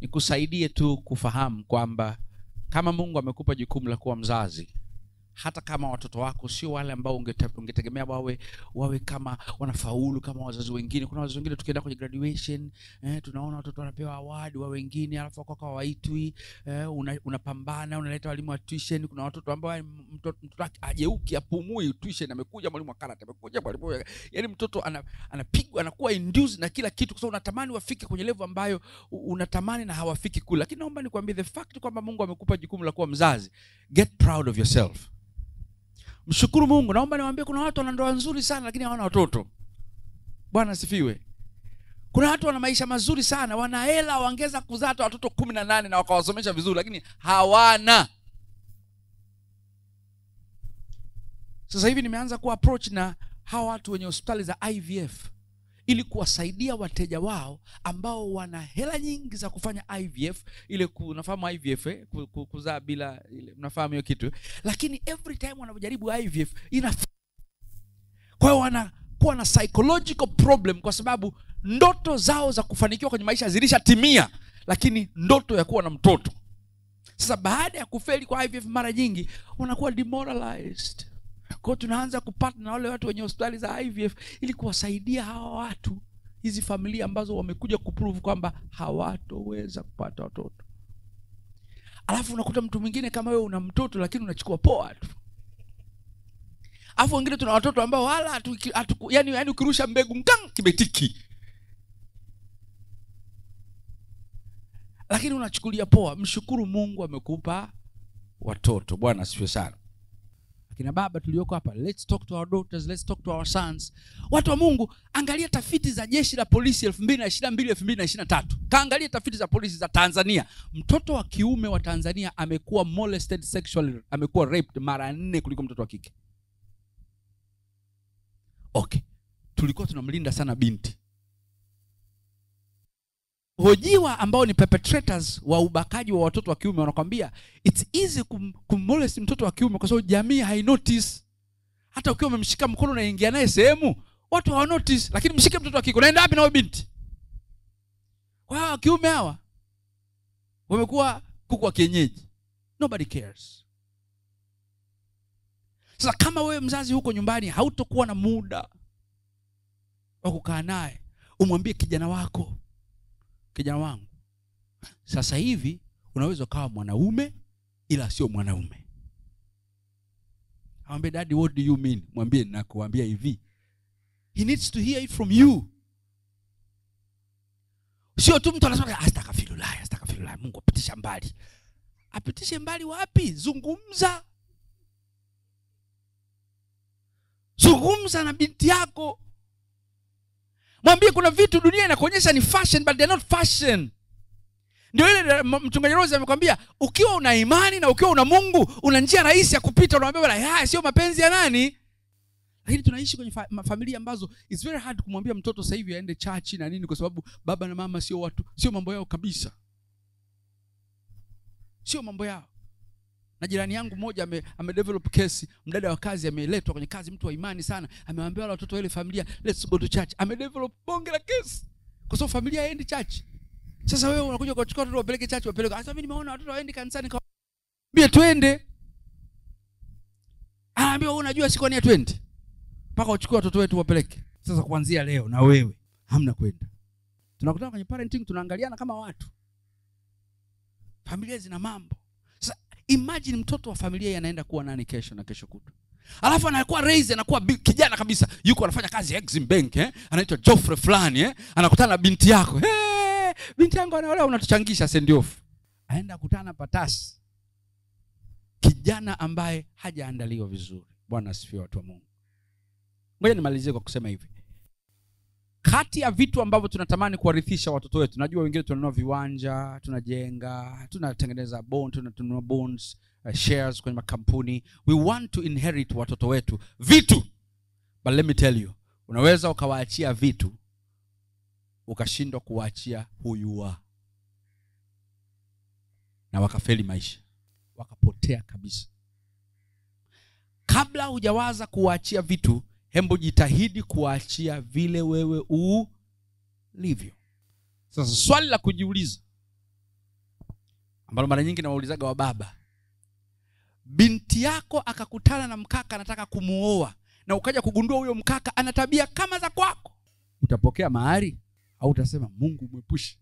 nikusaidie tu kufahamu kwamba kama mungu amekupa jukumu la kuwa mzazi hata kama watoto wako sio wale ambao ungetegemea wawe wawe kama wanafaulu kama wazazi wengine kuna wazazi wengine tukienda kwenye graduation eh, tunaona watoto wanapewa awadi wa wengine alafu wakwako waitwi eh, unapambana una unaleta walimu wa tuition kuna watoto ambao yaani mtoto, mtoto ajeuki apumui tuition amekuja mwalimu akarata amekuja mwalimu yaani mtoto anapigwa anakuwa induced na kila kitu kwa sababu unatamani wafike kwenye level ambayo unatamani na hawafiki kule lakini naomba nikwambie the fact kwamba mungu amekupa jukumu la kuwa mzazi get proud of yourself mshukuru mungu naomba niwaambie kuna watu wana ndoa nzuri sana lakini hawana watoto bwana asifiwe kuna watu wana maisha mazuri sana wana hela wangeweza kuzaa hata watoto kumi na nane na wakawasomesha vizuri lakini hawana sasa hivi nimeanza kuwa approach na hawa watu wenye hospitali za ivf ili kuwasaidia wateja wao ambao wana hela nyingi za kufanya ivf ile unafahamu ivf eh? kuzaa bila ile, mnafahamu hiyo kitu eh? lakini every time wanajaribu ivf ina kwa hiyo wanakuwa na psychological problem kwa sababu ndoto zao za kufanikiwa kwenye maisha zilishatimia lakini ndoto ya kuwa na mtoto sasa baada ya kufeli kwa ivf mara nyingi wanakuwa demoralized kwao tunaanza kupata na wale watu wenye hospitali za ivf ili kuwasaidia hawa watu hizi familia ambazo wamekuja kuprove kwamba hawatoweza kupata watoto alafu unakuta mtu mwingine kama wewe una mtoto lakini unachukua poa tu alafu wengine tuna watoto ambao wala atu, atu, yani, yani ukirusha mbegu mkang kibetiki lakini unachukulia poa mshukuru mungu amekupa watoto bwana asifiwe sana akina baba tulioko hapa let's talk to our daughters let's talk to our sons watu wa mungu angalia tafiti za jeshi la polisi 2022 2023 kaangalia tafiti za polisi za tanzania mtoto wa kiume wa tanzania amekuwa molested sexually amekuwa raped mara nne kuliko mtoto wa kike okay tulikuwa tunamlinda sana binti hojiwa ambao ni perpetrators wa ubakaji wa watoto wa kiume wanakwambia its easy kum, kummolest mtoto wa kiume kwa sababu jamii hainotice hata ukiwa umemshika mkono unaingia naye sehemu watu hawanotice lakini mshike mtoto wa kike unaenda wapi nao binti kwa hawa kiume hawa wamekuwa kuku wa kienyeji nobody cares sasa kama wewe mzazi huko nyumbani hautokuwa na muda wa kukaa naye umwambie kijana wako kijana wangu sasa hivi unaweza ukawa mwanaume ila sio mwanaume awambie dadi what do you mean mwambie nakuambia hivi he needs to hear it from you sio tu mtu anasema astakafirulahi astakafirulahi mungu apitisha mbali apitishe mbali wapi zungumza zungumza na binti yako mwambie kuna vitu dunia inaku kanisa ni fashion but they're not fashion ndio ile eh, mchungaji rose amekwambia ukiwa una imani na ukiwa una mungu una njia rahisi ya kupita unamwambia bwana haya sio mapenzi ya nani lakini tunaishi kwenye fa- familia ambazo it's very hard kumwambia mtoto sasa hivi aende chachi na nini kwa sababu baba na mama sio watu sio mambo yao kabisa sio mambo yao na jirani yangu mmoja ame, ame develop kesi mdada wa kazi ameletwa kwenye kazi mtu wa imani sana amewambia wale watoto wa ile familia let's go to church ame develop bonge la kesi kwa sababu familia haendi church. Sasa wewe unakuja kuwachukua watoto wapeleke church, wapeleke sasa. Mimi nimeona watoto waendi kanisani, kaambie twende, aambia wewe unajua siku nia twende mpaka uchukue watoto wetu wapeleke. Sasa kuanzia leo na wewe hamna kwenda. Tunakutana kwenye parenting, tunaangaliana kama watu, familia zina mambo. Sasa imagine mtoto wa familia yanaenda kuwa nani kesho na kesho kutwa alafu anakuwa raise anakuwa kijana kabisa yuko anafanya kazi ya Exim Bank eh? anaitwa Geoffrey fulani eh? anakutana na binti yako hey, binti yangu anaolewa unatuchangisha send off aenda kutana patasi kijana ambaye hajaandaliwa vizuri bwana asifiwe watu wa mungu ngoja nimalizie kwa kusema hivi kati ya vitu ambavyo tunatamani kuwarithisha watoto wetu najua wengine tunanunua viwanja tunajenga tunatengeneza bond tunanunua bonds uh, shares kwenye makampuni we want to inherit watoto wetu vitu but let me tell you unaweza ukawaachia vitu ukashindwa kuwaachia huyua na wakafeli maisha wakapotea kabisa kabla hujawaza kuwaachia vitu hembu jitahidi kuwaachia vile wewe ulivyo sasa swali la kujiuliza ambalo mara nyingi nawaulizaga wa baba binti yako akakutana na mkaka anataka kumuoa na ukaja kugundua huyo mkaka ana tabia kama za kwako utapokea mahari au utasema mungu mwepushe